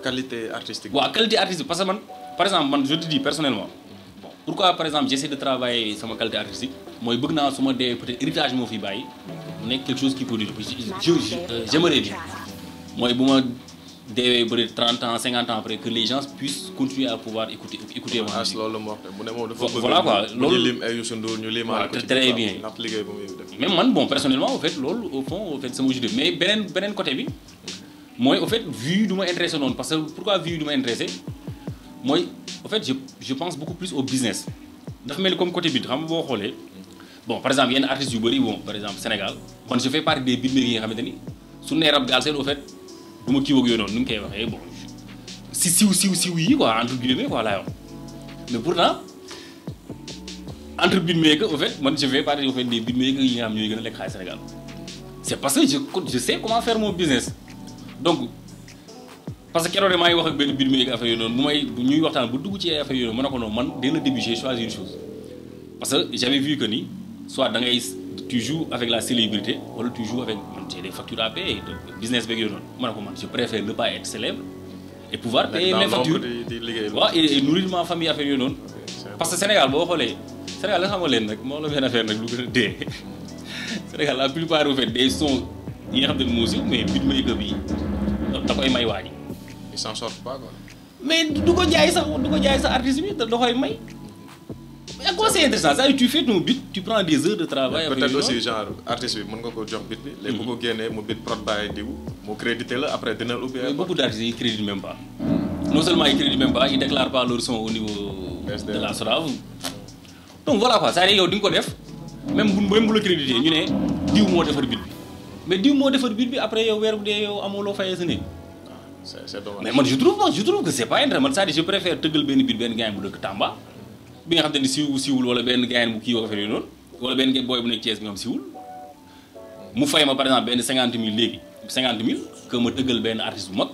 qualité artistique. Oui, qualité artistique parce que man par exemple man je te dis personnellement bon pourquoi par exemple j'essaie de travailler sur ma qualité artistique moi, je veux que ma peut-être héritage moo fi quelque chose qui peut que euh, j'aimerais bien Moi, je veux que 30 ans 50 ans après que les gens puissent continuer à pouvoir écouter écouter ah, musique. voilà quoi très bien mais moi, bon personnellement au fait au fond au fait sama de. mais beneen beneen côté bi moi au fait vu du ma intéressé parce que pourquoi vu du ma intéressé mooy au fait je je pense beaucoup plus au business dafa mel comme côté beat xam nga boo xoolee bon par exemple yenn artiste yu bëri bon par exemple Sénégal quand je fais partie des beatmakers yi nga xamante ni sur les rap galsen au fait du ma kii non yooyu noonu nu mu koy bon si si siw si oui quoi entre guillemets quoi mais pourtant entre beatmakers au fait moi je fais partie au fait des beatmakers yi nga xam ñooy gën a lekk Sénégal c'est parce que je je sais comment faire mon business donc parce que keroog de maa wax ak benn mbir mi affaire yooyu non bu may bu ñuy waxtaan bu dugg ci affaire yooyu noonu ma ne man dès le début j'ai choisi une chose parce que j'avais vu que ni soit da ngay tu joues avec la célébrité wala tu joues avec j'ai des factures à payer business beeg yooyu non ma man je préfère ne pas être célèbre et pouvoir payer mes factures waaw et nourrir ma famille affaire yooyu non parce que Sénégal bo xolé Sénégal la xamoo len nak mo la ben affaire nak lu gën dé Sénégal la plupart au fait des sons yi nga xam ne moo si mais beatmaker bi da koy may waa ji. il sort pas quoi. mais du ko jaay sax du ko jaay sax artiste bi da koy may. mais quoi c'est intéressant ça tu fais ton beat tu prends des heures de travail. peut être aussi genre artiste bi mën nga ko jox beat bi. léegi bu hmm. ko génnee mu beat prod bàyyi diw mu crédité la après dina ubbi. mais beaucoup d'artistes crédit même non seulement ils créditent même pas ils pas leur son au niveau. de la SODAV donc voilà quoi cest yow di nga ko def même bu même la crédité ñu ne diw moo defar beat bi. mais diw moo defar biir bi après yow weer bu dee yow amoo loo fayee sa néeg. Ah, mais man je trouve man je trouve que c' est pas intéressant man c'est-à-dire je préfère tëggal benn biir benn gaañ bu dëkk Tamba bi nga xam te ne siiw siiwul wala benn gaañ bu kii wax affaire yu noonu wala benn booy bu nekk Thiès bi nga xam siiwul mu fay ma par exemple benn cinquante mille léegi cinquante mille que ma tëggal benn artiste bu mag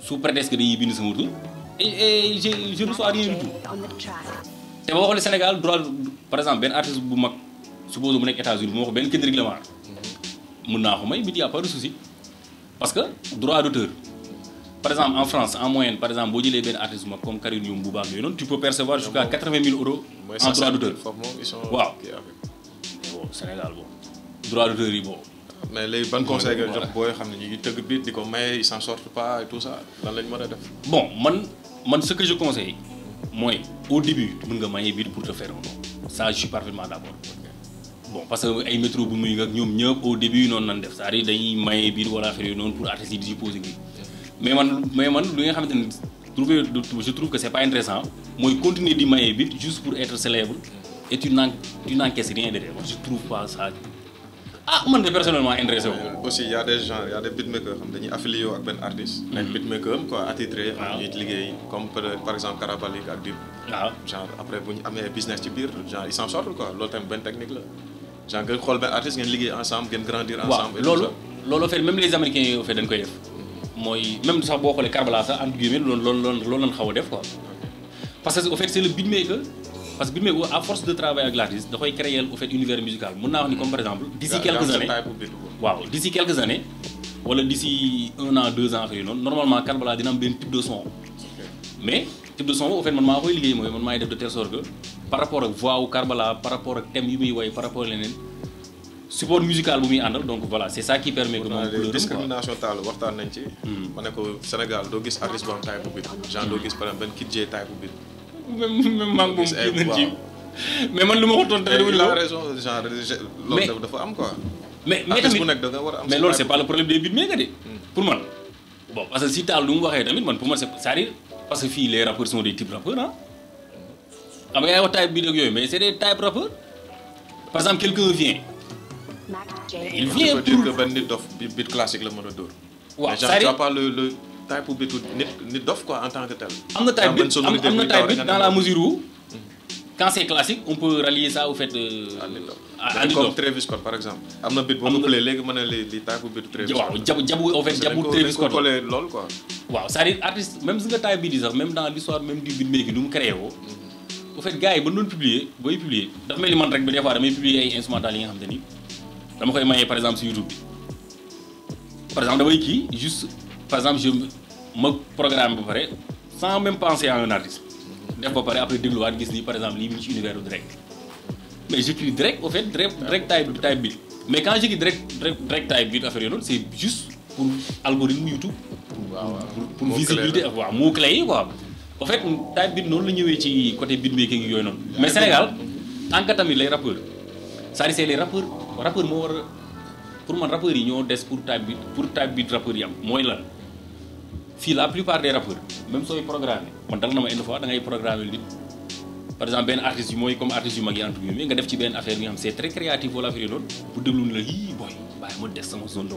sous prétexte que dañuy bind sama tur et je je reçois rien du tout te boo xoolee Sénégal droit par exemple benn artiste bu mag supposons mu nekk États-Unis bu ma wax benn Kendrick Lamar mën il n'y a pas de souci parce que droit d'auteur par exemple en France en moyenne par exemple boo jëlee benn artiste bu comme Karine ou bu tu peux percevoir ah jusqu'à 80 000 euros en droit d'auteur waaw bon Sénégal bon droit d'auteur yi bon mais les ban conseil nga jox booy xam ne ñu ngi tëgg ils s'en sortent pas et tout ça bon man man ce que je conseille moi, au début mën nga maye biir pour te faire un nom ça je suis parfaitement d'accord bon parce que ay métro bu muy ak ñom ñëpp au début non nan def c'est-à-dire dañuy mayé biir wala affaire yooyu noonu pour artiste yi di poser mais man mais man lu nga xamanteni trouver je trouve que c'est pas intéressant moy continuer di mayé biir juste pour être célèbre et tu n'en tu n'encaisses rien derrière je trouve pas ça ah man de personnellement intéressé wu. Euh, aussi y a des gens il y a des beatmakers xam dañuy affilié ak ben artiste. Mm-hmm. nekk beatmaker quoi attitré. waaw am liggéey comme par exemple Karabalik ak Dip. waaw genre après buñ amé business ci biir genre ils s'en sortent quoi loolu tamit benn technique là genre ngeen xool artiste ngeen liggéey ensemble ngeen grandir ensemble. et tout loolu loolu fait même les américains yooyu fait dañ koy def. mooy même sax boo xoolee carbala sax entre guillemets loolu loolu loolu lañ xaw a def quoi. parce que au fait c' est le maker parce que maker à force de travail avec l'artiste da koy créer au fait univers musical mun naa wax ni comme par exemple. d' ici quelques années waaw d' ici quelques années. wala d' ici un an deux ans ak noonu normalement carbala dina am benn type de son. mais type de son au fait man maa koy liggéey mooy man maay def de telle sorte que par rapport ak voix wu Karbala par rapport ak thème yu muy woy par rapport leneen support musical bu muy àndal donc voilà c' est ça qui permet que moom couleur quoi discrimination taal waxtaan nañ ci. Hmm. ma ne ko Sénégal doo gis artiste bu am taille bu genre doo gis par exemple benn Kid J bu même même maa ngi moom kii nañ ci mais man lu ma ko tontu rek. la raison genre loolu dafa am quoi. mais mais tamit bu nekk da nga war a am. mais loolu c' est pas le problème des mais beatmakers de. Hmm. pour man bon parce que si taal lu mu waxee tamit man pour moi c' est à dire parce que fii les rappeurs sont des types rappeurs ah il y a wax type bi ak mais c'est des type propres. par exemple quelqu'un vient. il vient pour dire que le nit beat classique le mën a dóor. waaw pas le le type bu bit nit nit dof quoi en tant que tel. am na type beat am na type bit dans la mesure où. quand c'est classique on peut rallier ça au fait. Euh, de... Nitdoff comme Travis Scott par exemple. am na beat boo ko pëlee léegi mën na li les type bu beatu Travis Scott. waaw jabu jabu au fait jabu Travis Scott lool quoi. Wow. c'est-à-dire artiste même si le type bi di même dans l'histoire même du beatmaker, du mu créé mm. Les fait gars yi vous publier des publier par exemple sur YouTube par exemple juste par exemple je me programme sans même penser à un artiste après je par exemple direct mais direct au fait direct type type mais quand je direct direct type c'est juste pour algorithme YouTube pour ah visibilité en fait time beat noonu la ñëwee ci côté beatmaking yi yooyu noonu. mais Sénégal tant que tamit les rappeurs c'est-à-dire c'est les rappeurs moo war a pour man rappeurs yi ñoo des pour time beat pour time beat rappeurs yi am mooy lan. fii la plupart des rappeurs même sooy programmé man dal na ma une fois da ngay programmé nit par exemple benn artiste yu mooy comme artiste yu mag yi entre guillemets nga def ci benn affaire bi nga xam c'est très créatif wala affaire yi noonu ma des sama zone de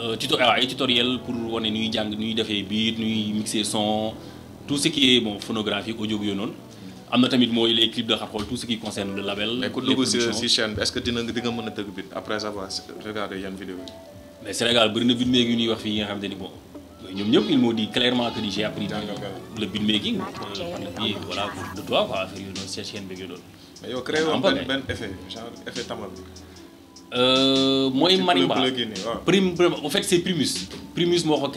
Euh, tuto waaw ah, ay tutoriel pour woné nuy jang nuy défé beat nuy mixer son tout ce qui est bon phonographie audio yooyu non amna tamit moy les clips de Kharkhol tout ce qui concerne le label. mais ku dugg si si chaîne est ce que dina nga mën a tëgg beat après avoir regardé yane vidéo mais Sénégal bëri na beatmaking yu ñuy wax fi nga xam ne ni bon ñom ñep il m'ont dit clairement que j'ai appris le beat par le voilà de toi quoi affaire yooyu noonu seen chaîne beeg yooyu mais yo créé woon benn effet genre effet tamal bi. Euh, moi marimba prime en fait c'est Primus Primus moo ko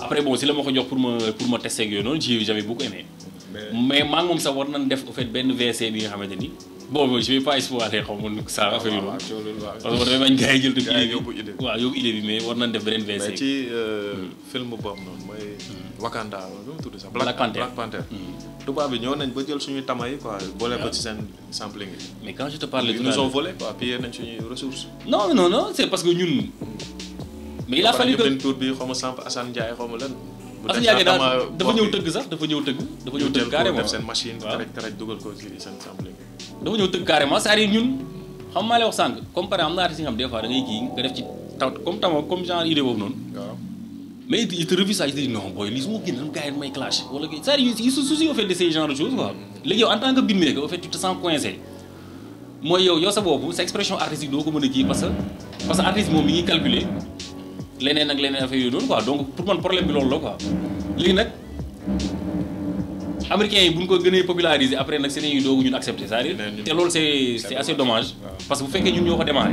après bon c'est là ma jox pour ma pour me tester ak yooyu noonu j'ai jamais beaucoup aimé mais maa ngi ça sax war def en fait ben VC ni nga ni bon je vais pas spoiler xaw ça saa affaire yi ah, parce que damay bañ gars yi jël tam idée bi waaw yóbbu idée bi mais war nañ def ben VC mais ci euh, hmm. film bob non mooy hmm. Wakanda nu mu tudd Black Panther Black Panther hmm tubaab bi ñëw nañ ba jël suñu tama yi quoi boole ko ci seen sampling yi. mais quand je te parle de nous ont volé quoi pillé nañ suñuy ressources. non non non c'est parce que ñun. mais il a fallu que benn tour bi xaw ma samp Assane Ndiaye xaw ma lan. Assane Ndiaye daal dafa ñëw tëgg sax dafa ñëw tëgg. dafa ñëw tëgg carrément def seen machine. waaw taraj taraj dugal ko ci seen sampling yi. dafa ñëw tëgg carrément c'est-à-dire ñun xam maa lay wax sànq comme par exemple am na artiste yi nga xam des fois da ngay kii nga def ci comme tama comme genre idée boobu noonu. waaw mais il, il te revit ça, il te dit non, boy, les mots qui n'ont pas de clash. ça Il se soucie au fait de ces genres de choses. Quoi. Les gars, en tant que beatmaker, au fait, tu te sens coincé. Moi, yo, yo, ça va, c'est expression artistique, donc, comme on dit, parce que, parce que moi, il calculé. L'année, l'année, l'année, fait une quoi. Donc, pour moi, le problème, c'est là, quoi. Les gars, Américains, ils vont gagner populariser après, c'est une idée où ils acceptent. C'est assez dommage. Parce que vous faites que nous, nous, démarrer.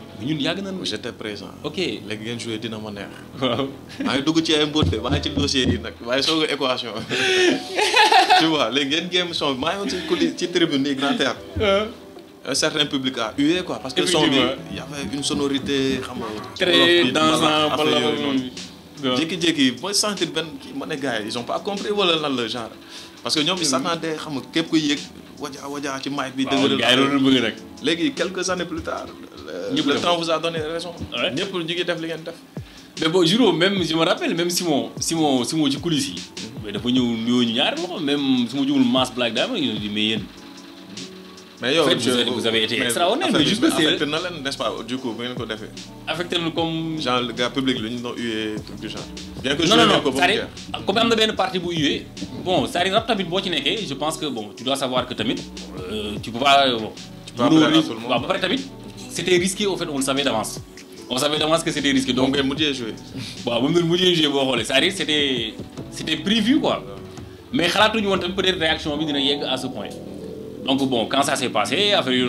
ñun yàgg nañu. j'étais présent. ok léegi ngeen joué dina ma neex. waaw maa ngi dugg ci ay mbóote maa ci dossier yi nag waaye soog a équation tu vois léegi ngeen géem son bi maa ngi woon ci coulisse ci tribune nii grand théâtre un certain public a hué quoi. parce que son bi y une sonorité xam nga. très dansant bala jékki-jékki mooy sentir benn kii ma yi ils ont pas compris wala lan la genre. parce que ñoom ils hmm. s'attendaient xam nga képp kuy yëg wajaa wajaa ci mic bi. dëgg la rek. léegi quelques années plus tard. ñëpp le temps vous a donné raison. ñëpp Pour ngi def li ngeen def. mais bon Giro même je me rappelle même Simon Simon Simon ci coulisses yi. mais dafa ñëw nuyoo ñu ñaari même su ma jugul Black Diamond ñu di mais yéen. mais yow vous avez été extraordinaire mais juste que c'est affecté na n'est-ce pas du coup bu ngeen ko defee. affecté nañu comme. genre le gars public la ñu doon UE, truc du genre. bien que je non non c'est-à-dire comme am na benn partie bu hué. bon ça à dire rap ci nekkee je pense que bon tu dois savoir que tamit euh, tu peux pas bon mënoo risque bah, c'était risqué au fait on le savait d'avance. on savait d'avance que c'était risqué donc on a joué waaw moom la mujjee joué à dire c' était prévu quoi mais xalaatuñu woon tamit peut être réaction bi dina yegg à ce point donc bon quand ça s'est passé après yu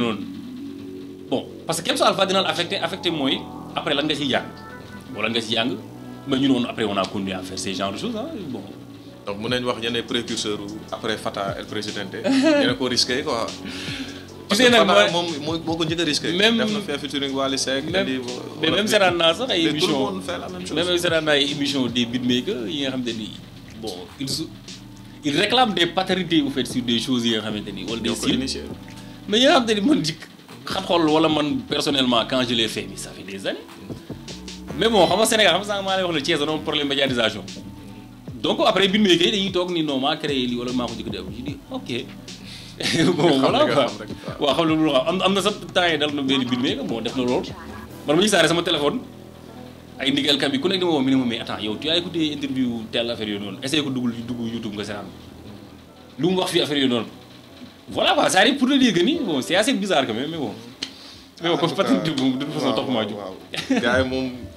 bon parce que képp su alpha dina la affecté affecté moi après l'anglais nga bon L'anglais wala nga si mais après on a continué à faire ces genre de choses hein, bon. donc mën nañu wax ñenn précurseurs après Fata El Presidente a quoi risqué quoi gis nga nag moom ko njëkk a même def na fi featuring Wally Seck. mais même c'est naa sax ay émissions même seetaan naa ay émissions des beatmakers yi nga xam ni bon ils ils réclament des paternités au fait sur des choses yi nga xamante ni wala des mais yi nga xam ne ni man jik xam xool wala man personnellement quand je l'ai fait nii ça fait des années. mais bon xam nga Sénégal xam nga ma maa lay wax le Thiès dañoo problème médiatisation donc après beatmaker yi dañuy toog ni non maa créé lii wala maa ko njëkk a def je dis ok. bon voilà quoi waaw xam lu xam am na sa temps yi dal na benn biir mais bon def na loolu man ma gisaare sama téléphone ay ndigal kam bi ku nekk di ma woo mi ne ma mais attends yow interview telle affaire yooyu noonu essayé ko duggul dugg YouTube nga seetaan lu mu wax fii affaire yooyu noonu voilà quoi ça arrive pour te dire que ni bon c'est assez bizarre quand même bon mais bon kon Fatick topp maa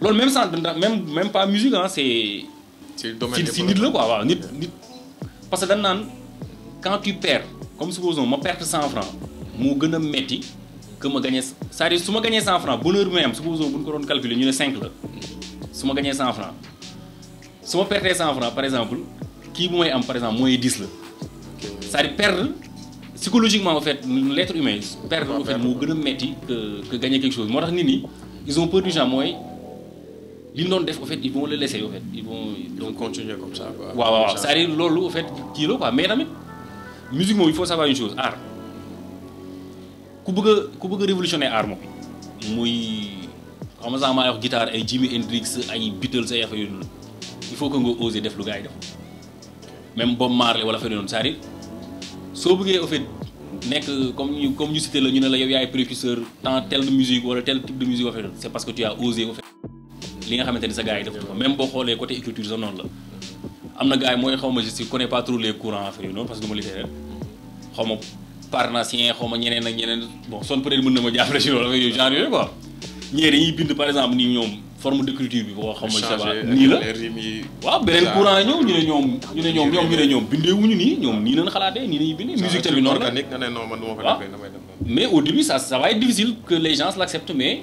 loolu même sans même même pas musique hein c'est. c'est le domaine si nit la quoi bah, nit nit. parce que dañ naan quand tu perds comme supposons ma perte 100 francs mo gëna metti que ma gagner ça à dire su ma gagné 100 francs bonheur même supposons buñ ko doon calculer ñu né 5 la su ma gagné 100 francs su ma pertee 100 francs par exemple qui bu may am par exemple mooy 10 la ça à dire perdre. psychologiquement en fait l'être humain perdre en fait moo gën metti que que gagner quelque chose motax tax nit ñi ils ont peur du genre mooy li ñu doon def fait ils vont le laisser en fait ils vont. ils vont continuer comme ça quoi. waaw waaw Ça à dire loolu en fait kii la quoi mais tamit musique moi il faut savoir une chose art ku bëgg a ku bëgg révolutionner art moom muy xam nga sax maa wax guitare et Jimi Hendrix ay Beatles ay affaire il faut que nga oser def gars même Bob Marley wala feneen non ça dire soo bëggee en fait nek, comme comme ñu cité la ñu ne la yow yaay précurseur tant telle musique wala tel type de musique au fait c'est parce que tu as osé en fait li nga xamante sa gars yi ko même boo xoolee côté écriture sa noonu la am na gars yi mooy xaw ma je connais pas trop les courants affaire yu noonu parce que du ma xawma xaw ma parnasien ñeneen ak ñeneen bon son peut être mën na ma jàppale ci loolu affaire yooyu genre yooyu quoi ñee dañuy bind par exemple ni ñom forme d'écriture bi boo xam ne nii la wa benen courant ñëw ñu ñom ñoom ñu ñom ñoom ñoom ñu ne ñoom bindeewuñu nii ñoom nii lañ xalaatee nii lañuy bindee musique tamit noonu la mais au début ça ça va être difficile que les gens l'acceptent mais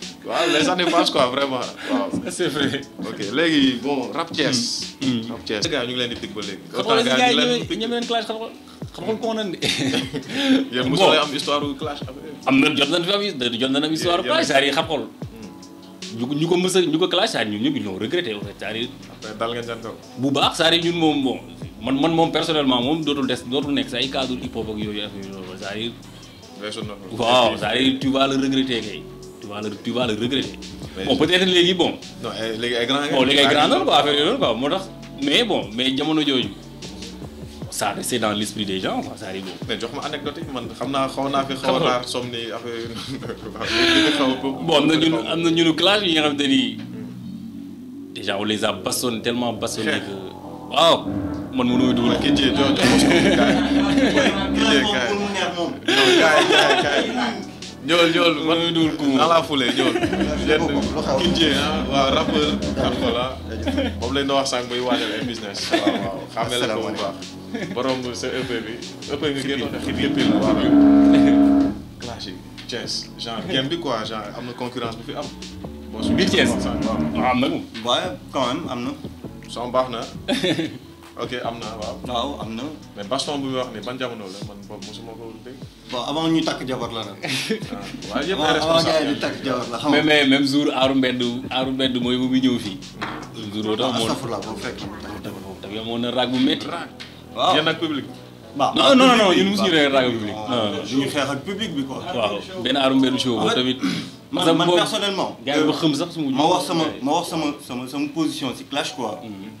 waaw les années passent quoi vraiment waaw. c'est vrai. léegi bon Rap Thiès. Mm, mm. Rap Thiès. gars ñu ngi leen di picc ba léegi. xam nga gars yi ñoom ñoom clash xam nga xam nga nan de. yéen mosul am histoire clash am na jot nañ fi am jot mm. ñu ko ñu ko ñu ko clash saa ñun ñu ngi ñoo regretté en fait saa yi. après dal ngeen seen kaw. bu baax saa ñun moom bon man man moom personnellement moom dootul des dootul nekk saa yi cadre hip hop ak yooyu affaire yooyu saa yi. waaw saa yi tu vas le regretter kay vas le tu vas le regretter. bon peut-être les bon. non les grands. grand bon léegi ay grand quoi affaire yooyu quoi moo mais bon mais jamono jooju. ça restait dans l'esprit des gens quoi ça arrive. mais jox ma anecdote yi man xam naa xaw naa fi xaw naa affaire bon am na ñun ñunu classe yi nga xamante ni déjà on les a bastonné tellement bastonné que waaw man mënu ma dugal. kii jee jox jox ma ñëwal ñëwal man mi dugal kum à la foulée ñëwal. kenn jee ah waaw rappeur. ak moom lañ doon wax sànq muy waajal ay business. waaw waaw xam la ko baax. borom sa EP bi. EP bi ngeen doon xit yëpp la waaw clash yi Thiès genre game bi quoi genre am na concurrence bu fi am. bon su biir Thiès waaw am na ko. baax na. ok am na waaw. waaw am na. mais baston bu ñu wax nii ban jamono la man boobu mosuma ko dégg. bon avant ñu takk jabar la nag. Ah, waaw yëpp ay responsable di takk jabar la xam mais même jour aaru mbedd aaru mbedd mooy bu muy ñëw fii. Hmm. jour boo tax moo astafurla boobu fekk na. amoon na raag bu métti. waaw yéen ak public. waaw bah, non non non ñun mosuñu rek raag public. Bah. ñu xeex ak public bi quoi. waaw benn aaru mbedd show boobu ah, tamit. man man personnellement. gars yi ba euh, xam sax su ma. ma wax sama ma wax sama sama sama position si clash quoi. Hmm.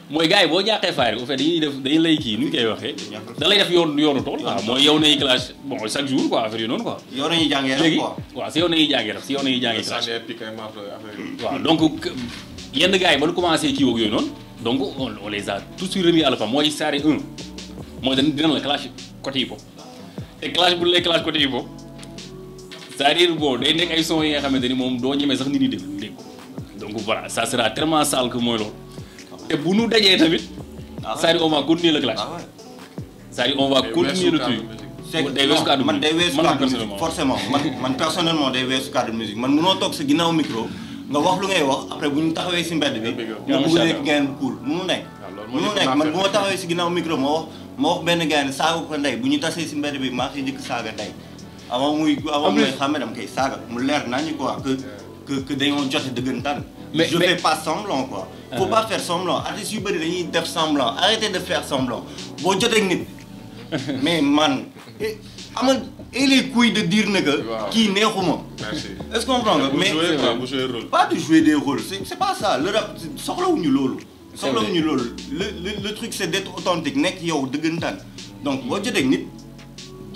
mooy gars yi boo jaaxee faay rek bu fekkee dañuy def dañuy lay kii nu ñu koy waxee. da def yoonu tool mooy yow nañuy clash bon chaque jour quoi affaire yi ba ñu commencé kii woog yooyu noonu donc on les a tout de suite remis à la femme mooy saare un mooy dañu dina la clash côté yi boobu te boobu cest à yi nga xamante ni moom doo ñemee sax nit ñi déglu dégg donc voilà ça sera tellement sale que mooy loolu te bu nu dajee tamit. c'est-à-dire on va continuer la clash. c'est-à-dire on va continuer le ah truc. day weesu cadre man day weesu cadre musique forcément man man personnellement day weesu cadre musique man mënoo toog sa ginnaaw micro nga wax lu ngay wax après bu ñu taxawee si mbedd bi nga bëgg nekk ngeen cool mënu nekk ah, mënu nekk man bu ma taxawee si ginnaaw micro ma wax ma wax benn gaynde saaga ko ndey bu ñu tasee si mbedd bi maa si njëkk saaga tey avant muy avant muy xàmme dam koy saaga mu leer nañu quoi que que que dañoo jote dëggantaan. mais je fais pas semblant quoi. faut ah. pas faire semblant Arrêtez yu bëri dañuy def semblant arrêtez de faire semblant boo jotee nit. mais man eh, amal et eh, les couilles de dire ne que. kii neexuma. est-ce qu'on comprend nga mais pas de jouer des rôles c'est pas ça le rap soxlawuñu loolu. soxlawuñu loolu le le le truc c'est d'être authentique a yow dëggantaan donc boo jotee nit.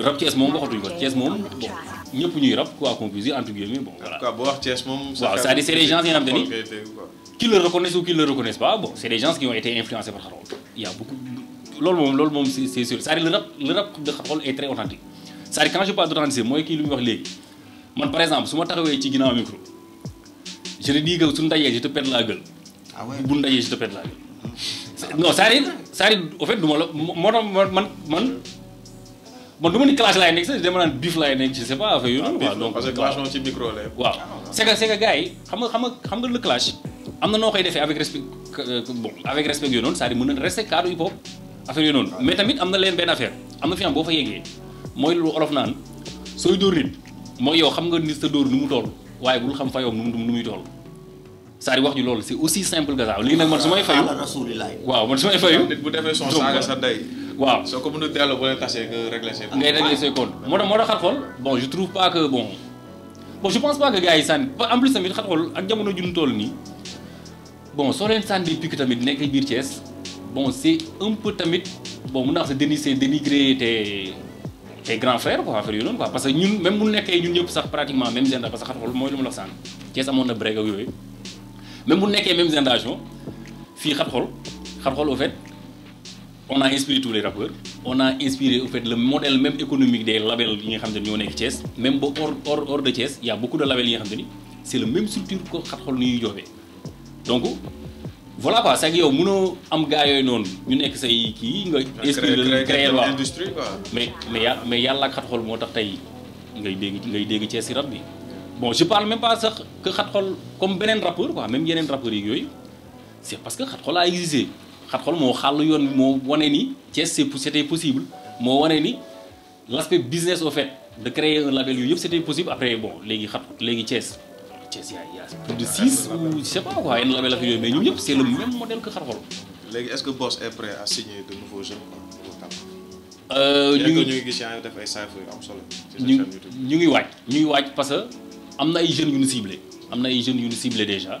rap Thiès moom waxatuñ ko ties mom bon ñëpp ñuy rap quoi qu'on puisse dire entre guillemets bon voilà. quoi boo wax Thiès moom. waaw c'est-à-dire c'est gens yi nga qui le reconnaissent ou qui le reconnaissent pas bon c'est des gens qui ont été influencés par Xarxol il y a beaucoup l'ol mom l'ol mom c'est sûr ça dire le rap le rap de Xarxol est très authentique c'est-à-dire quand je parle d'authenticité moi qui lui wax léegi man par exemple su ma taxawee ci ginaaw micro je le dis que suñu ndajee je te pète la gueule. ah ouais bu ndajee je te pète la gueule. non c'est-à-dire c'est-à-dire au fait du moi, moi, man man. man du ma ni clash laay nekk sax dama naan ci c'est pas affaire yu ah, waaw c'est que c'est xam nga xam nga xam nga le am na noo koy defee avec respect bon avec respect yooyu noonu c'est-à-dire mën na rester cadre hip hop affaire yooyu mais tamit am na leen benn affaire am na fi am boo fa yeggee mooy lu olof naan sooy dóor nit mooy yow xam nga nit sa dóor nu mu toll waaye bul xam fayoom nu mu nu muy toll c'est-à-dire wax ju loolu c'est aussi su may fayu ah, waaw man su may fayu nit bu defee son saaga sa day waaw soo ko mën a delloo ba leen tasee nga régler ses ngay régler ses compte moo tax moo tax xarxool bon je trouve pas que bon bon je pense pas que gars yi sànni en plus tamit xarxool ak jamono ju ñu toll nii bon soo leen sànni picc tamit nekk biir Thiès bon c'est un peu tamit bon mun naa wax sa déni c'est dénigrer tes tes grands frères quoi affaire yooyu noonu quoi parce que ñun même bu nekkee ñun ñëpp sax pratiquement même génération parce que xarxool mooy lu ma la sànni Thiès amoon na break ak yooyu même bu nekkee même génération fii xarxool xarxool au fait on a inspiré tous les rappeurs on a inspiré au fait le modèle même économique des labels qui nga xam ne ñoo Thiès même ba hors hors hors de Thiès y a beaucoup de labels yi nga xam c'est le même structure ko xat xool ñuy donc voilà quoi c'est que au mënoo am gars non, noonu ñu nekk say kii nga inspiré créer quoi. mais mais yàlla mais yàlla ak xat xool moo tax tey ngay dégg ngay dégg Thiès si bi bon je parle même pas ça que quatre xool comme benen rappeur quoi même yeneen rappeur yi yooyu c'est parce que quatre xool a existé xat-xol moo xàll yoon bi moo wane ni Thiès c'était possible moo wane ni l'aspect business au fait de créer un label yooyu yëpp c'était possible après bon léegi xat léegi Thiès Thiès y a y a plus de six ah, ou je sais pas quoi yenn label ak yooyu mais ñoom ñëpp c'est le même modèle que xar xol léegi est-ce que Boss est prêt à signer de nouveaux jeunes euh, ñu ngi gis yaa ngi def ay saafo am solo. ñu ñu ngi waaj ñu ngi waaj parce que am na ay jeunes yu ñu ciblé am na ay jeunes yu ñu ciblé déjà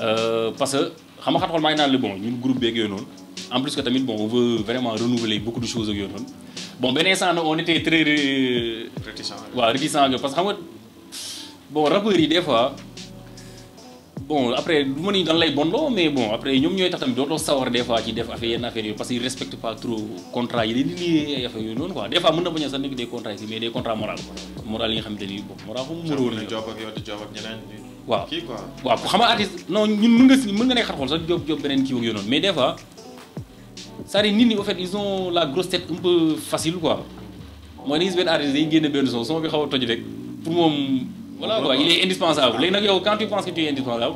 euh, parce que xam nga xat-xool naan la bon ñun groupe beeg yooyu noonu en plus que tamit bon on veut vraiment renouveler beaucoup de choses ak yooyu noonu bon benn instant nag on était très. réticent waaw réticent parce que xam nga bon rappeurs yi des fois bon après du ma ni dan lay bonloo mais bon après ñoom ñooy tax tamit dootoo sawar des fois ci def affaire yenn affaire yooyu parce que ils respectent pas trop contrat yi dañuy lié ay affaire yooyu noonu quoi des fois mën na bañ a sax nekk des contrats yi mais des contrats moral moral yi nga xamante ni bon moral xamu mënoo. na job ak yow di job ak ñeneen mais cest fait ils ont la grosse tête un peu facile quoi quoi il est indispensable quand tu penses que tu es indispensable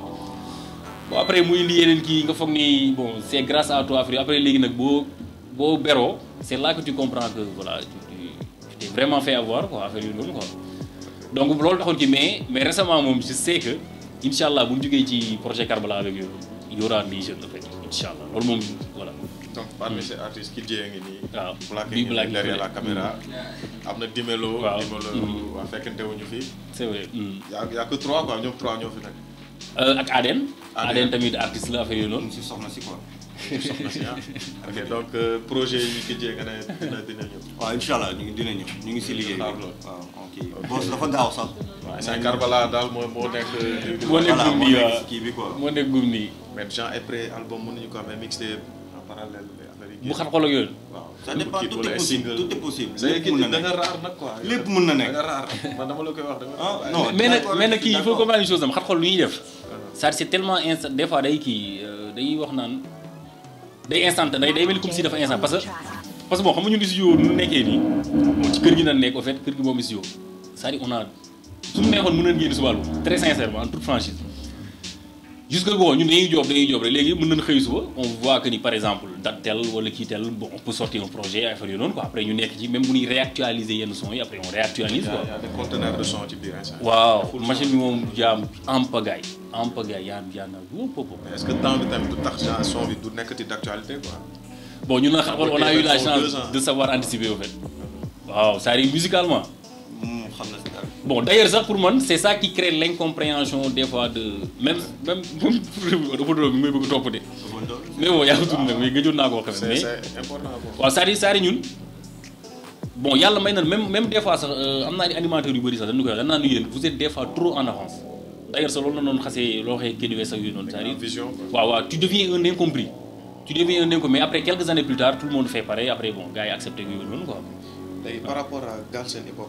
après c'est grâce à toi après c'est là que tu comprends que voilà tu t'es vraiment fait avoir quoi quoi donc loolu taxul ci mais mais récemment moom je sais que incha allah bu ñu jógee ci projet Karbala avec yow y aura des jeunes en fait incha loolu moom voilà. donc parmi ces artistes ki jiyee ngi nii. waaw Black ngi derrière la caméra. Mm. am na Dimelo. waaw Dimelo mm. waa fekkente wuñu fi. c'est vrai. Mm. yaa yaa euh, ak Aden. Aden tamit artiste la affaire yooyu noonu. soxna si quoi. soxna ah. ok donc euh, projet yi ki jéeg ne dina dina ñëw. waaw incha allah ñu ngi dina ñëw ñu ngi si liggéey waaw ok boss dafa gaaw sax. waaw sa Karbala daal mooy moo nekk. moo nekk gum nii kii bi quoi moo nekk gum nii. mais Jean est prêt album mënuñu ko amee mixtape en parallèle affaire yi. bu xam xol ak yooyu. waaw ça pas tout est possible tout est possible. lépp mën na nekk da nag quoi. lépp mën na nekk da man dama la koy wax da ah non mais nag mais nag kii il faut comprendre une chose am xat xol lu ñuy def. Ah. c'est tellement instant des fois day kii euh, dañuy wax naan day instant day day mel comme si dafa instant parce que parce que bon xam nga ñun studio nu nekkee nii moom ci kër gi na nekk au kër gi moom studio c'est-à-dire on a suñu neexoon mën nañ génn subalu très sincèrement en toute franchise jusque bon ñu dañuy job dañuy job légui léegi mën nañ xëy suba on voit que ni par exemple date tel wala kii tel bon on peut sortir un projet affaire yu non quoi après ñu nekk ci même bu ñuy réactualiser yenn son yi après on réactualise quoi. y des conteneurs de son ci biir waaw machine bi moom jaam en pagay en pagay yaa yaa na wóob popo. est ce que temps bi tamit du tax genre son bi du nekk d' d'actualité quoi. bon ñun nag on a eu la chance de savoir anticiper en fait. waaw ça à musicalement. Hmm, xam na Bon, d'ailleurs, ça pour moi, c'est ça qui crée l'incompréhension des fois de. Même. même mais bon, il y a tout le monde. C'est important. Bon, ça dit, ça arrive nous. Bon, yàlla may na même même des fois on euh, am naa animateurs yu wax vous êtes des fois trop en avance D'ailleurs selon nous, nous la noonu xasee loo xee kenn tu deviens un incompris. tu deviens un incompris mais après quelques années plus tard tout le monde fait pareil après bon gars accepte accepté nous quoi. par rapport à Galsen Hip Hop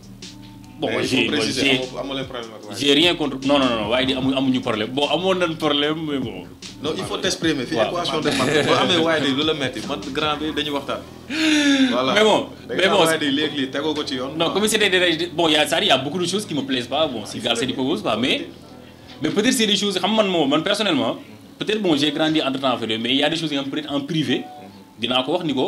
bon j'ai j'ai rien contre non non non waay di amu amuñu problème bon amoon nañ problème mais bon. non il faut t'exprimer fii équation de maths boo amé waay di lu la metti man grand bi dañu waxtaan. voilà mais bon mais bon waaye di léegi lii tegoo ko ci yoon. non comme c'était bon y a ça y a beaucoup de choses qui me plaisent pas bon si gars c'est di propose quoi mais mais peut-être c'est des choses xam man moom man personnellement peut-être bon j'ai grandi entre temps mais il y a des choses en privé mm-hmm. dinaa ko wax ni ko.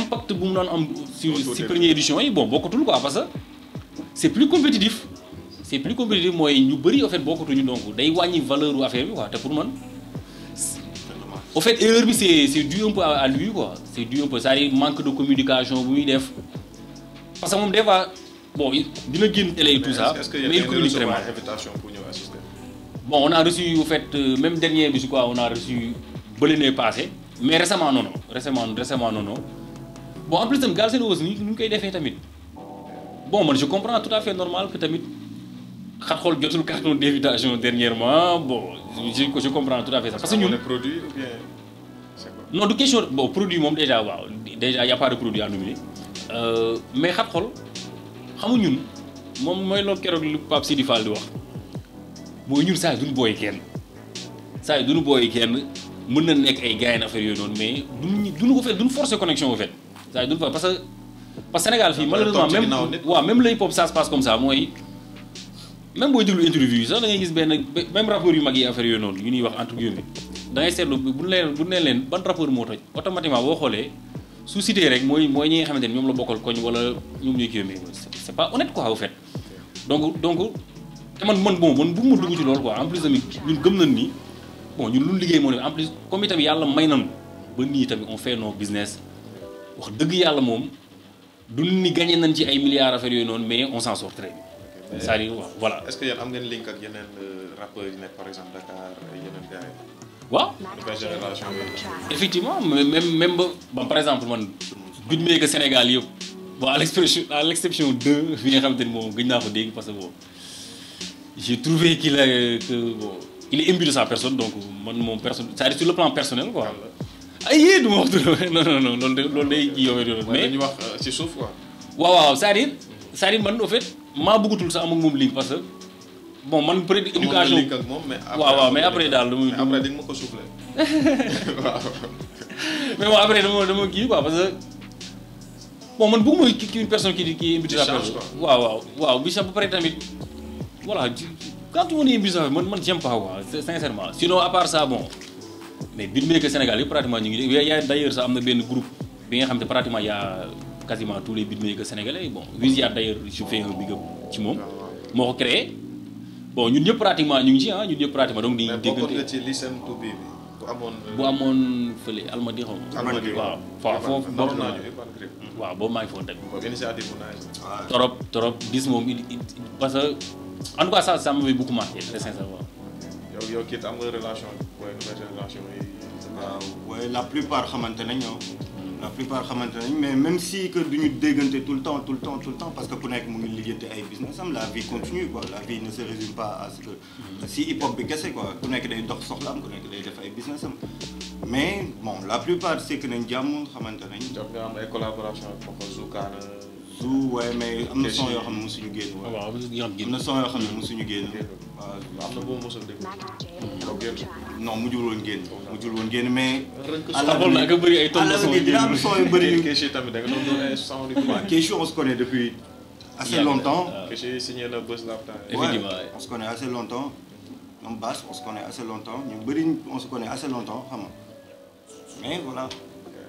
impact bu mu am sur si première édition yi bon bokkatul quoi parce que c'est plus compétitif c'est plus compétitif moy ñu bari en fait ñu donc day wañi valeur u affaire bi quoi te pour man au fait erreur bi c'est c'est dû un peu à lui quoi c'est dû un peu ça à manque de communication bu muy def parce que mom des fois bon dina génn télé tout ça mais il communique vraiment bon on a reçu au fait euh, même dernier bi quoi on a reçu bële ne passé mais récemment non non récemment récemment non non bon en plus tamit Galsen Oz ni ñu koy defee tamit bon man je comprends tout à fait normal que tamit xat xool jotul carton d'invitation dernièrement bon je je comprends tout à fait ça. parce que ñun produit ou bien non du question bon produit moom déjà waaw déjà y a pas de produit à nominer euh, mais xat xool xamu ñun moom mooy loolu keroog lu Pape Sidi Fall di wax mooy ñun saa yi duñu booy kenn saa yi duñu booy kenn mën na nekk ay gars yi affaire yooyu noonu mais duñu duñu ko fait duñu forcer connexion au fait ça duñ fa parce que parce que Sénégal fii malheureusement même waaw même le hip hop ça se passe comme ça moi même booy déglu interview ça sax da ngay gis benn même rapport yu mag yi affaire yooyu noonu ñu ñuy wax entre guillemets da ngay seetlu bu ñu bu ñu leen ban rapport mo toj automatiquement boo xolé su cité rek mooy mooy ñi nga xamante ne la bokkal koñ wala ñom ñuy kii c'est pas honnête quoi au fait donc donc te man man bon man bu ma dugg ci lool quoi en plus tamit ñun gëm nañ ni bon ñun lu liggéey moo en plus comme itamit yalla may nañu ba ni tamit on fait nos business wax deug yalla mom du ni gagné nañ ci ay milliards affaire yooyu non mais on s'en sort très bien. c'est-à-dire voilà. est-ce que yéen am ngeen link ak yenen euh, rappeur yi nekk par exemple Dakar yeneen gars yi. waaw effectivement même même bon par exemple man beatmaker Sénégal yëpp bon à l'exception à l'exception de fi nga xamante ni moom gëj ko dégg parce que bon j'ai trouvé qu'il est que bon il est imbu de sa personne donc man moom personne c'est-à-dire sur le plan personnel quoi yéen non non non non loolu de loolu mais wax euh, quoi. à man fait parce que bon man peut être mais. après mais après daal mais soufflé. mais moi après dama dama kii quoi parce que bon man bëgguma non, une personne qui qui non, la personne. waaw waaw waaw tamit voilà quand on est invité man man j'aime pas quoi sincèrement sinon à part ça bon. mais biir léegi Sénégal yëpp pratiquement ñu ngi yaay d'ailleurs sax am na benn groupe bi nga xam te pratiquement y'a quasiment tous les beatmakers sénégalais bon Wizia d'ailleurs je fais un big up ci moom moo ko créé bon ñun ñëpp pratiquement ñu ngi ci ah ñu ñëpp pratiquement donc di déggante ci listen to bi bu amoon euh, bu amoon fële Almadi xaw waaw waaw foofu bokk ah, moom parce que en tout cas ça ça m'avait beaucoup marqué très sincèrement yow yow waaye la plupart xamante nañ ah. la plupart xamante mais même si que duñu déggante tout le temps tout le temps tout le temps parce que ku nekk mu ngi liggéeyante ay business am la vie continue quoi la vie ne se résume pas à ce que si hip hop bi quoi ku nekk day dox soxla am ku nekk day def ay business am mais bon la plupart c'est que nañ jàmm xamante nañ. jot nga am ay collaboration ak Papa Zoukane du waaye mais ah bah, am na son yoo xam ne mosuñu génn. waaw ah, am na son yoo xam ne mosuñu génn. waaw am na boo mos a dégg. non mujjul woon génn. mujjul woon génn mais. àll bi bëri ay tomb son yu dina am son yu bëri. Kechi tamit da nga doon doon ay son yu bëri. Kechi on se connaît depuis. assez longtemps. Euh, Kechi signé la Buzz Lapin. effectivement on se connaît assez longtemps. ñoom basse on se connaît assez longtemps ñu bëri on se connaît assez longtemps xam nga mais voilà.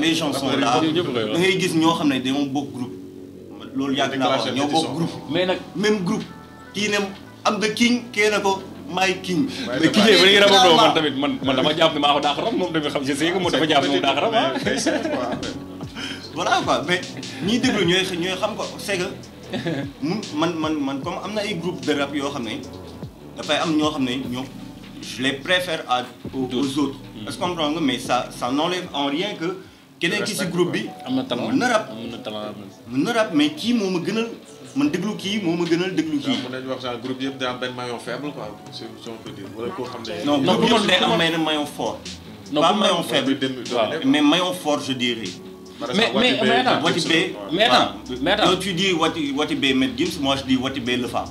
les gens sont là da ngay gis ñoo xam ne dañoo bokk groupe. loolu yàgg naa wax ñoo bokk groupe. mais nag même groupe. kii ne am nga kiñ kee na ko maay kiñ. mais kiñ yee ba léegi rabandoo man tamit man man dama jàpp ne maa ko daax rab moom tamit xam je sais que moom dafa jàpp moom daax rab ah. voilà quoi mais ñiy déglu xam ko c'est que mu man man man comme am na ay groupe de rap yoo xam ne dafay am ñoo xam ne ñoo. je les préfère à, aux, autres. Mm. est Mais ça, ça n'enlève en rien que quelqu'un qui se groupe bi rap mais Qui gënal man déglu ki moma gënal déglu groupe qui wax le groupe yëpp qui am un faible quoi si on peut dire wala ko xam non groupe qui est am groupe fort. non pas faible mais groupe fort je dirais. mais mais mais attends tu dis Wati groupe qui Gims moi je dis est le femme.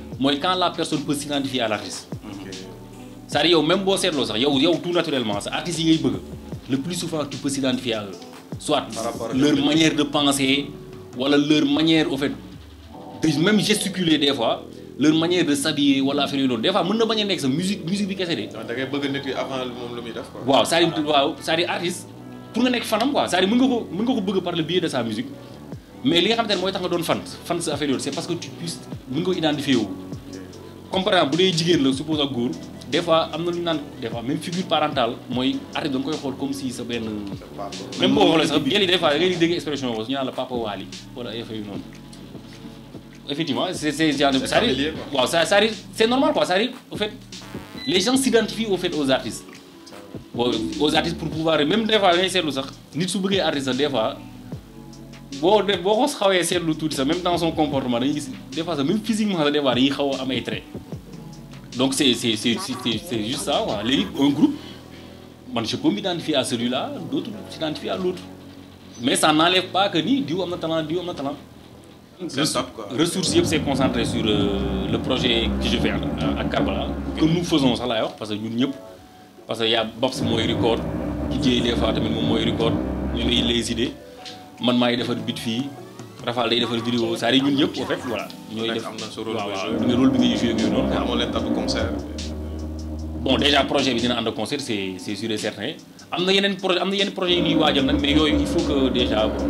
mooy quand la personne peut s'identifier à l'artiste artiste. c'est-à-dire yow même boo seetloo sax yow yow tout naturellement sa artistes yi ngay bëgg le plus souvent tu peux s'identifier à eux soit leur manière de penser wala leur manière au fait de même gesticuler des fois leur manière de s'habiller wala affaire yooyu des fois mën na bañ nek nekk sa musique musique bi kessé de. waaw ah, da ngay bëgg nit avant mom lu muy def quoi. waaw ça à dire waaw ça à dire artiste pour nga nek fanam quoi ça à dire mën nga ko mën nga ko bëgg par le biais de sa musique mais li nga xamante ne mooy tax nga doon fan fan sa affaire yooyu c'est parce que tu puisses mën nga identifier wu comparant bu dee jigéen la suppose ak góor des fois am na lu ñu naan des fois même figure parentale mooy artiste da nga koy xool comme si sa benn. même boo xoolee sax yéen des fois da ngay di dégg expression boobu su ñu naan la papa Wally wala effet yu noonu. effectivement c'est c'est genre c'est-à-dire waaw ça ça c'est normal quoi ça arrive au fait les gens s'identifient au fait aux artistes. aux artistes pour pouvoir même des fois da seetlu sax nit su bëggee artiste sax des fois boo de boo ko xawee seetlu tuuti sax même dans son comportement dañuy gis des fois sax même physiquement sax des fois dañuy xaw a am ay traits donc c' est c' est c' est c' est juste ça quoi léegi un groupe man je peux identifier à celui-là d' autres s'identifient à l'autre mais ça n'enlève pas que ni diw am na talent diw am na talent. ressources yëpp c'est concentré sur euh, le projet que je fais ak Karbala que nous faisons ça laay wax parce que ñun ñëpp parce que y' a Babs mooy record Dieye des fois tamit moom mooy record ñu les idées. man maa maay defar bit fii Rafal day defar vidéo saa yi ñun ñëpp en fait voilà. ñooy def am na sa rôle nga rôle bi nga joué ak yooyu noonu. amoo déjà projet bi dina ànd concert c'est c'est sûr et certain am na yeneen projet am na yenn projet yu ñuy waajal nag mais yooyu il faut que déjà bon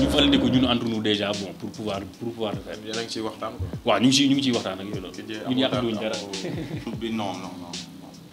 ñu valider ko ñun entre nous déjà bon pour pouvoir pour pouvoir le faire. yéen a ngi ciy waxtaan waaw ñu ngi ciy ñu ngi waxtaan ak yooyu loolu. ñun yaakaaruñu dara.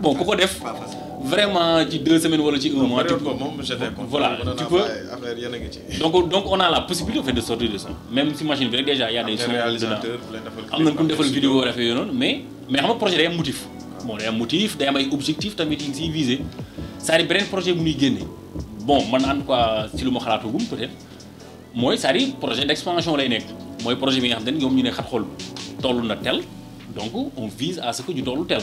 bon ku def vraiment ci deux semaines wala ci un mois voilà tu peux donc donc on a la possibilité en fait de sortir de son même si machine déjà il déjà y a des sons dedans am nañ ku vidéo rafet yooyu noonu mais mais xam nga projet day am motif bon day am motif day objectif tamit yi ngi siy visé cest un projet bu gagné bon man en si le si lu ma peut-être moi cest à projet d'expansion lay nek mooy projet bi nga xam ne ñoom ñu ne xat xool toll na tel donc on vise à ce que du tollu tel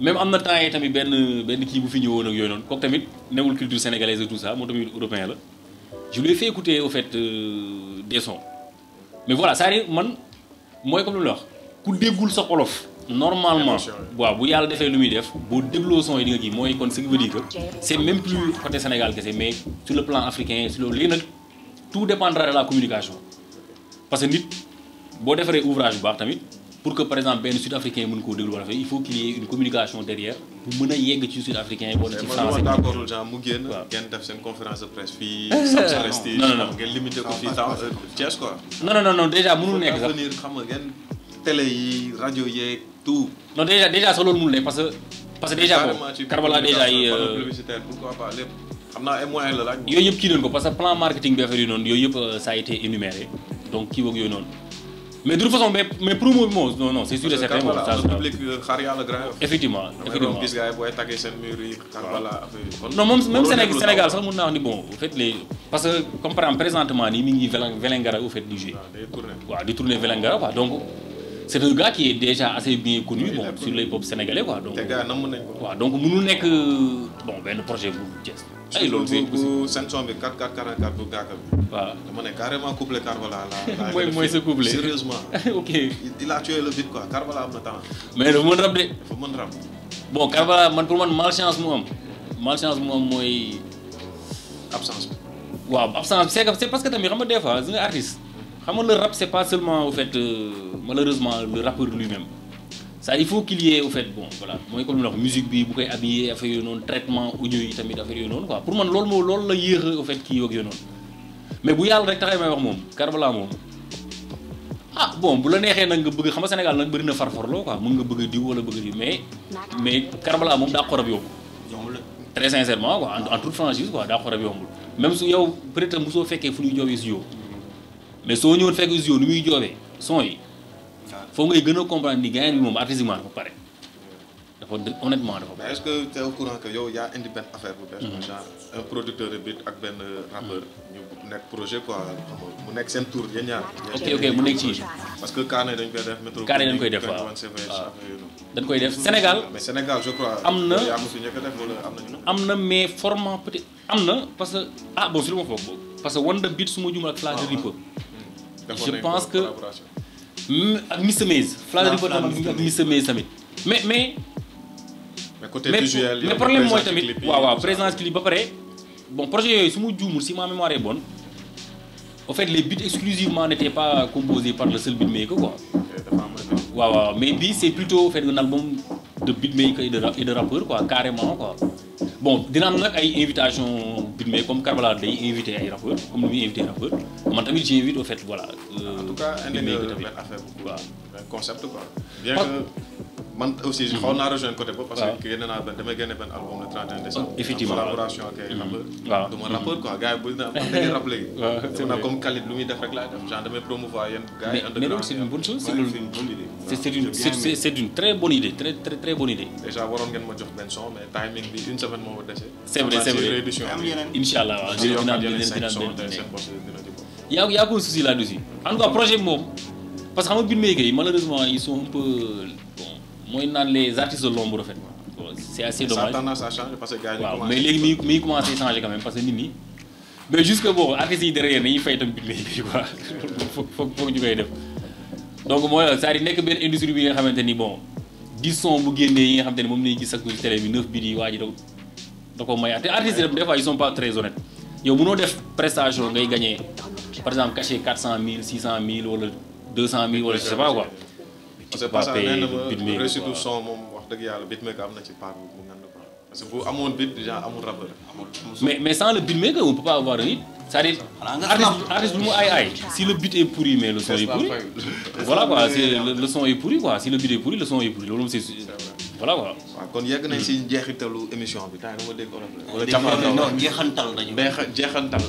même en même temps yi tamit ben benn kii bu fi ñëwoon ak yooyu noonu kooku tamit culture sénégalaise et tout ça moom tamit européen la je lui ai fait écouter au fait euh, des sons mais voilà ça arrive, man moi, comme lu la wax ku déggul sa olof normalement waaw vous y allez lu le def vous dégloo son yi di nga kii kon ce qui veut que c'est même plus côté Sénégal que c'est mais sur le plan africain sur le léegi tout dépendra de la communication parce que nit boo vous ouvrage bu baax tamit pour que par exemple benn sud-africain mën koo déglu wala il faut qu'il y ait une communication derrière bu mën a yegg ci sud-africain wala ci français mais d'accord genre mu génn ngeen def seen conférence de presse fii. ça eh, reste. non non non que limité ko fii temps euh, Thiès quoi. non non non non déjà mënul nekk sax xam nga ngeen télé yi rajo yeeg tout. non déjà déjà sax loolu mënul nekk parce que parce que déjà boobu Karbala déjà il. Euh, publicitaire pourquoi pas lépp xam naa ay moyens la laaj. yooyu yëpp kii nañ ko parce que plan marketing bi affaire yi noonu yooyu yëpp euh, ça été énuméré donc kii boog yooyu noonu mais de toute façon mais mais promouvoir non non c'est sûr et certain moom. ça le public xaar yàlla grand. effectivement effectivement gis gars yi booy tàggee seen mur yi. non même même Sénégal Sénégal, ça, naa wax ni bon en fait les parce que comme par exemple présentement nii mi ngi Vélingara au fait du jeu. waaw ah, day tourné waaw di Vélingara donc c'est un gars qui est déjà assez bien connu oui, bon, sur le sénégalais quoi donc waaw donc n'est que bon le projet ay 4 4 44 carrément sérieusement ok il a tué le quoi Carvala mais bon malchance moi malchance moi absence absence c'est parce que tu as nga des xam le rap c'est pas seulement au fait euh, malheureusement le rappeur lui-même ça il faut qu'il y ait au fait bon voilà mooy comme leur musique bi bu koy habillé affaire yooyu noonu traitement audio yi tamit affaire yooyu quoi pour man loolu moo loolu la yéex au fait qui yok yooyu mais bu yalla rek taxay may wax mom, Karbala mom. ah bon bu la nexé nak nga bëgg xam Sénégal nag bëri na farfarloo quoi mën nga bëgg diw wala bëgg di mais mais Karbala mom da xorab yombul très sincèrement quoi en toute franchise quoi da xorab yombul même su yow peut-être mosoo fekkee fu ñuy joowee si yow mais soo ñëwoon fekk studio nu muy joobee son yi foofu ngay gën a comprendre ni gars yi moom artisanal ba pare. honnêtement dafa. mais est-ce que tu es au courant que yow yaa indi benn affaire bu bees. genre un producteur de beat ak ben rappeur. ñu mhm. nekk projet quoi mu nekk je tour yéen ok ok mu nekk ci. parce que je dañ koy def métro. Kaane dañ koy def Sénégal. mais Sénégal je crois. am mais format peut parce que ah bon si lu ma parce que Wanda Beat je ma je ak Flash ah, ah. je pense que Mr Maze. Flash ah, Ripper Mr mais mais. mais côté visuel mais problème mooy tamit waaw waaw présence clip ba bon projet yooyu su ma si ma mémoire est bonne en fait les buts exclusivement n'étaient pas composés par le seul beatmaker quoi. waaw waaw mais bii c'est plutôt fait un album de beatmaker et de et de rappeur quoi carrément quoi. bon dina am nag ay invitation beatmaker comme Karbala day invité ay rappeurs comme lui invité rappeur man tamit j'invite au fait voilà. Euh, en tout cas indi nga benn affaire bu. concept quoi. bien que man aussi mm-hmm. rejoindre côté parce que album le 31 décembre. effectivement collaboration avec rappeur. quoi gars c'est comme Khalid lu def rek promouvoir gars c'est une bonne très bonne idée très très très bonne idée. timing une semaine c'est vrai c'est vrai projet malheureusement ils sont un peu moy nan les artistes de l'ombre en fait c'est assez dommage ça tendance à changer parce que gars yi waaw mais les mi mi ngi commencé changer quand même parce que nit ñi mais jusque bon artistes derrière ni fait itam bind quoi foog foog foog ñu koy def donc moi ça à nek ben industrie bi nga xamante ni bon di son bu génnee yi nga xamante ni moom gis chaque télé bi 9 bi di waa ji da da ko mayaat te artistes yi des fois ils sont pas très honnêtes yow mënoo def prestation ngay gagner par exemple cachet 400000 600000 mille six cent wala deux wala je sais pas quoi parce que parce que nee na ma réussite son moom wax dëgg yàlla beatmaker am na ci part bu ngand quoi parce que bu amone bit déjà amul rappeur mais mais sans le bit beatmaker on peut pas avoir un hit c'est-à-dire artiste bu mu ay ay si le beat est pourri mais le son est pourri voilà quoi c'est le son est pourri quoi si le beat est pourri le son est pourri loolu c'est voilà waaw. waaw kon yegg nañ si njeexitalu émission bi. temps dama dégg wolof wala cappaandaw non jeexantal nañu. Ah, jeexantal.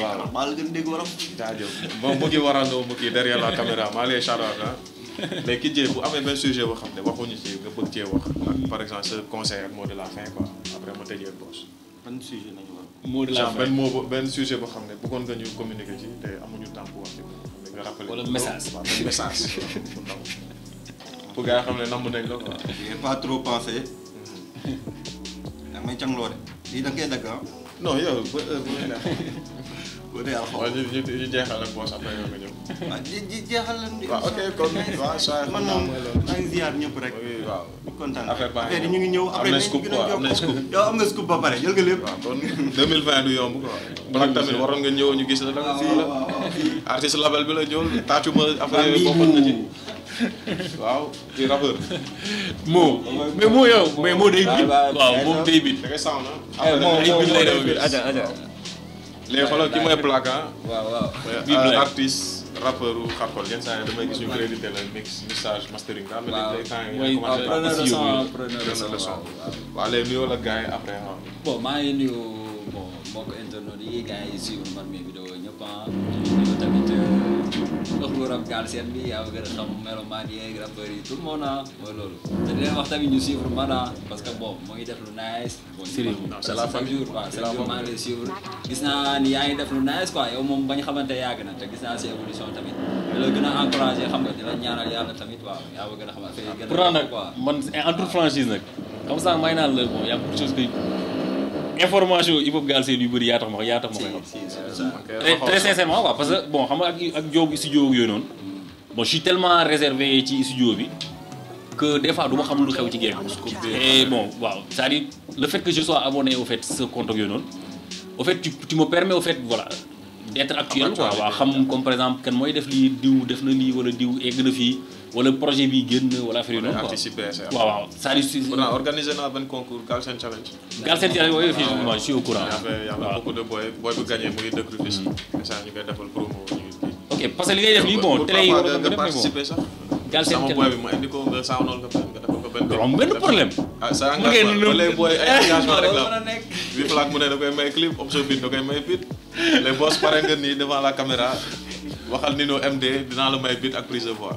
waaw maa la gën dégg wolof. jaajëf bon mbokki warandoo mbokki derrière la caméra maa ngi hein mais ki jël bu amee benn sujet boo xam ne waxuñu ci nga bëgg cee wax ak hmm. par exemple sa conseil ak mot de la fin après ma tëjee boss. ban sujet nañu wax. benn mot benn sujet boo xam ne bëggoon nga ñu communiquer ci te amuñu temps pour wax ci nga rappelé xam ne namm nañ la quoi. j'ai pas trop pensé. Hmm. da nga may cangloo de. lii da nga koy ah? yow ba heure bu bu dee alxames. ñu ñu ñu jeexal ak boo sax nga ñëw. Ah, jeexal lan. waaw man moom maa ngi ñëpp rek. waaw ñu kontaan affaire baa ngi ñu ngi ñëw après nañ scoop quoi am nañ yow am nga scoop ba pare jël waaw kon 2020 du yomb quoi. balaa nga ñëw ñu gis la. waaw waaw artiste label bi la ñëw tàccuma affaire yooyu bokkoon na ci. waaw ci rappeur. moo mais moo yow mais moo léegi xoolal ki mooy placard. Ah. waaw waaw bii euh, artiste rappeur wu xarxol yenn saa damay gis ñu crédité la mix message mastering. waaw mooy preneur de son preneur de son waaw léegi nuyoo la gars yi après waaw. bon maa ngi nuyu bon mbokk internet yi gars yi suivre man mi vidéo ñëpp ah. di nuyu tamit. Euh, ëpp rab gaal seen bi yaa gën a xam melomaan yeeg rappeurs yi tout le monde ah mooy loolu te di leen wax tamit ñu suivre Mana ah, parce que bon moo ngi def lu nice bon c'est la chaque jour waaw chaque jour maa ngi lay suivre gis naa ni yaa ngi def lu nice quoi yow moom bañ xamante yàgg na te gis naa si évolution tamit la gën a encouragé xam nga di la ñaanal yàlla tamit waaw yaa gën a xamante pourtant nag man entre franchise nag comme ça may naan la bon y a quelque chose que information yi Ibou Galsen du bëri à tax ma yaa tax ma très sincèrement quoi parce que bon xam nga ak ak Diop studio yooyu bon je suis tellement réservé ci studio bi. que des fois du ma xam lu xew ci game et bon waaw c'est-à-dire le fait que je sois abonné au fait ce compte non au fait tu tu me permets au fait voilà. d'être actuel quoi waaw xam comme par exemple quand moi def lii diw def na lii wala diw egg na fii. wala projet bi génn wala affaire yu noonu quoi participer c' eh, waaw waaw ça a l' pourtant organisé na benn concours Gal Sen Challenge. Gal Sen Challenge ah, ah. oui effectivement je suis au courant. y' a beaucoup de boy boy bu gagné mu ngi dëkk fii si. message ñu ngi defal promo ñu ok parce que li ngay def nii bon télé yi wala nga def nii bon. Gal Sen Challenge sama boy bi mu indi ko nga saa noonu nga def ko benn. doom benn problème. ah sa engagement ba lay boy ay engagement rek la. bi flag mu ne da koy may clip option bi da koy may bit les boss pare nga nii devant la caméra waxal ni no MD dinaa la may bit ak prise de voix.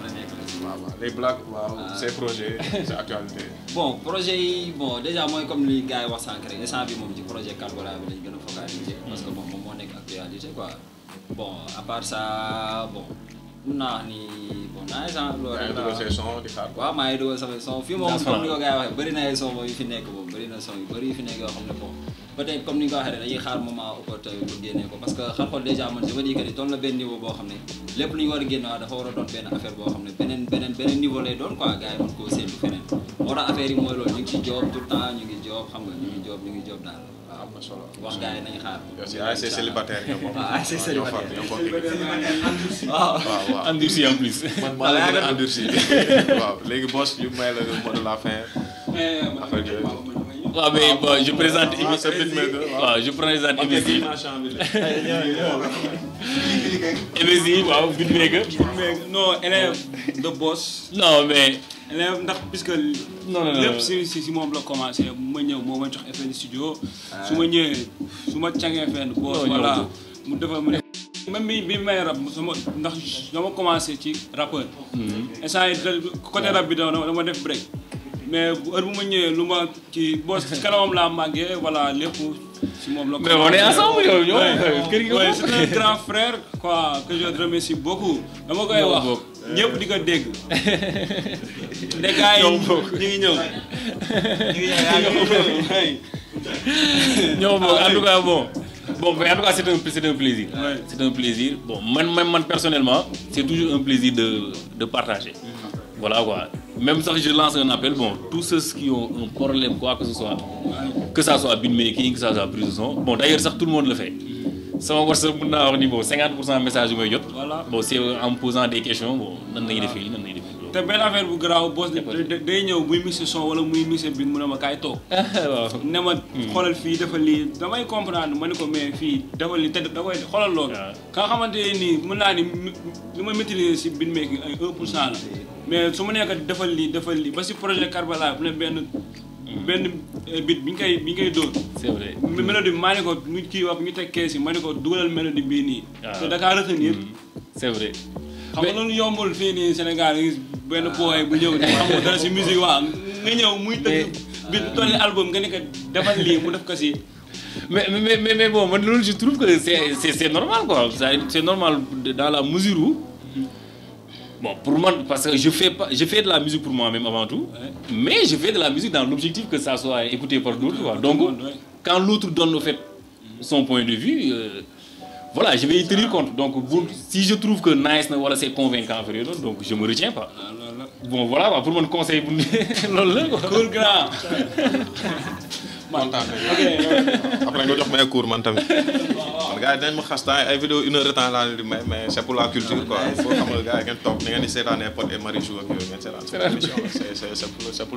les blagues ah. c'est ces projets ces bon projet bon déjà moi comme les gars on va s'en créer. s'en bi moom du projet Kalgola bi lañ gën focaliser. parce que mon moom est actualité quoi. bon à part ça bon. mun naa wax ni bon naa ngi sama. loolu rek dugal say fii moom comme ni ko gars yi waxee bëri na na son yu bëri fi nekk yoo xam ne bon peut comme ni ko waxee rek dañuy xaar moment opportunité pour génnee ko parce que xar-xool dèjà man dama di que ni toll na benn niveau boo xam ne lépp lu ñu war a dafa war a doon benn affaire boo xam ne beneen beneen beneen niveau lay doon quoi gars yi mën koo seetlu feneen moo tax affaire yi mooy loolu ñu ngi ci job tout temps ñu ngi na solo. wax gars yi nañu xaar. yow si ASC célibataire nga bokk. Ah, waaw ASC célibataire nga bokk. waaw waaw endurci en plus. man maa la gën a endurci waaw léegi boss ñu may la le mot de la fin. affaire yooyu. waaw mais bon je présente ah, émission waaw je présente émission émission waaw Bootmaker. non élève de boss. non mais. Lah, le ndax puisque non non lepp si si si mom la commencé ma ñew moma jox effet studio suma ñewé suma changé fenn ko wala mu defal mu ne même bi may rap suma ndax dama commencé ci rappeur instant yi côté rap bi dama def break mais heure bu ma ñewé luma ci boss kanam la magué wala lepp Mais on est ensemble, c'est un grand frère quoi que je remercie beaucoup. Je vous wax ñëpp di ko gars en tout cas bon. c'est un plaisir. c'est un plaisir bon man personnellement c'est toujours un plaisir de partager. Voilà quoi. Même si je lance un appel. Bon, tous ceux qui ont un problème, quoi que ce soit, que ça soit making que ça soit son, Bon, d'ailleurs, ça, tout le monde le fait. 50 de messages message bon c'est en posant des questions bon on te benn affaire bu garaaw boss day ñëw muy mixé son wala muy mixé bi mu ne ma kaay toog. ne ma hmm. xoolal fii dafa lii damay comprendre ma ne ko mais fii dafa lii te da koy xoolal loolu. xamante ne nii mën naa ni li ma maîtriser si beat making ay 1 pour cent la. mais su ma nekk dafa lii defal lii ba si projet Karbala bu ne benn. Hmm. benn eh, bit bi ñu koy bi ñu koy dóor. c'est vrai mélodie bi maa ne ko ñu kii wax ñu teg kees yi ma ne ko dugalal mélodie bii nii. waaw ah. te da kaa retenir. Hmm. c'est xam nga loolu yombul fii nii Sénégal ne mais bon je trouve que c'est normal quoi c'est normal dans la mesure où bon pour moi parce que je fais pas je fais de la musique pour moi-même avant tout mais je fais de la musique dans l'objectif que ça soit écouté par d'autres donc quand l'autre donne au fait son point de vue euh, voilà, je vais y tenir compte. Donc, si je trouve que nice, voilà, c'est convaincant, donc je ne me retiens pas. Bon, voilà, bah, pour mon conseil, Cool, grand. après cours mais c'est pour la culture il faut c'est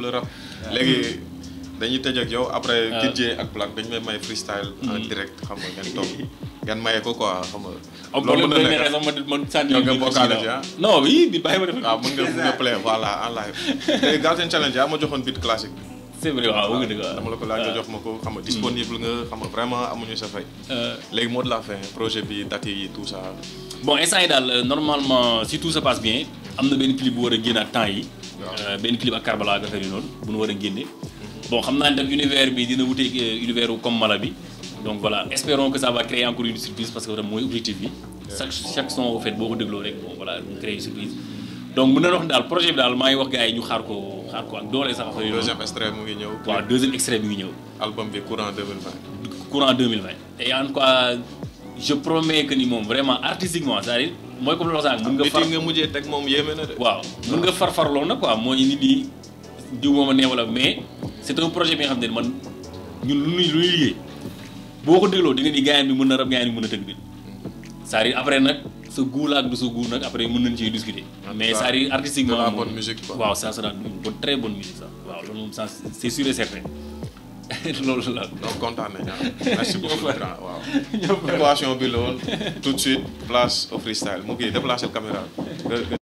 dañuy tëj ak yow après. waaw ah. Kid Dieye ak Black dañu may may freestyle. Hmm. direct xam nga ngeen toog ngeen maye ko quoi xam nga. Ah, loolu mën ah. ma def. waaw ah, mën nga mën nga play voilà ma joxoon beat la ko ma ko xam nga hmm. disponible nga xam nga vraiment amuñu sa fay. léegi de la fin projet bi date yi tout ça. bon instant yi daal euh, normalement si tout se passe bien am na benn clip bu war a génn ak temps yi. Euh, benn clip ak Karbala ak affaire yi noonu bu nu war a génne. bon xam naa ne tam univers bi dina wuteeg euh, univers comme mala bi donc voilà espérons que ça va créer encore une surprise parce que vraiment mooy objectif bi chaque chaque son au fait beaucoup de dégloo rek bon voilà ñu créer une surprise donc mën na wax ne projet bi daal maa ngi wax gars yi ñu xaar ko ak doole sax. deuxième extrait mu ngi deuxième extrême mu ngi album de courant 2020. courant 2020. et en quoi je promets que ni moom vraiment artistiquement c'est-à-dire mooy comme le sax. mën nga ah, far nga mujjee teg moom yéeme na de. waaw mën nga farfarloo na quoi moi il ñi. diw moom a neex wala mais c'est un projet bi xam ne man ñun lu ñuy lu ñuy liggéey boo ko dégloo di nga ni gaayaan bi mën na rab gaayaan bi mën na tëgg bi c'est-à-dire après nag sa goût la ak du sa goût nag après mën nañ ciy discuter. mais c'est-à-dire artistiquement waaw bonne musique waaw ça sera une très bonne musique sax waaw loolu moom ça la. donc kontaan nañu ah. merci beaucoup grand waaw. émission bi la woon tout suite place au freestyle mu ngi déplacer caméra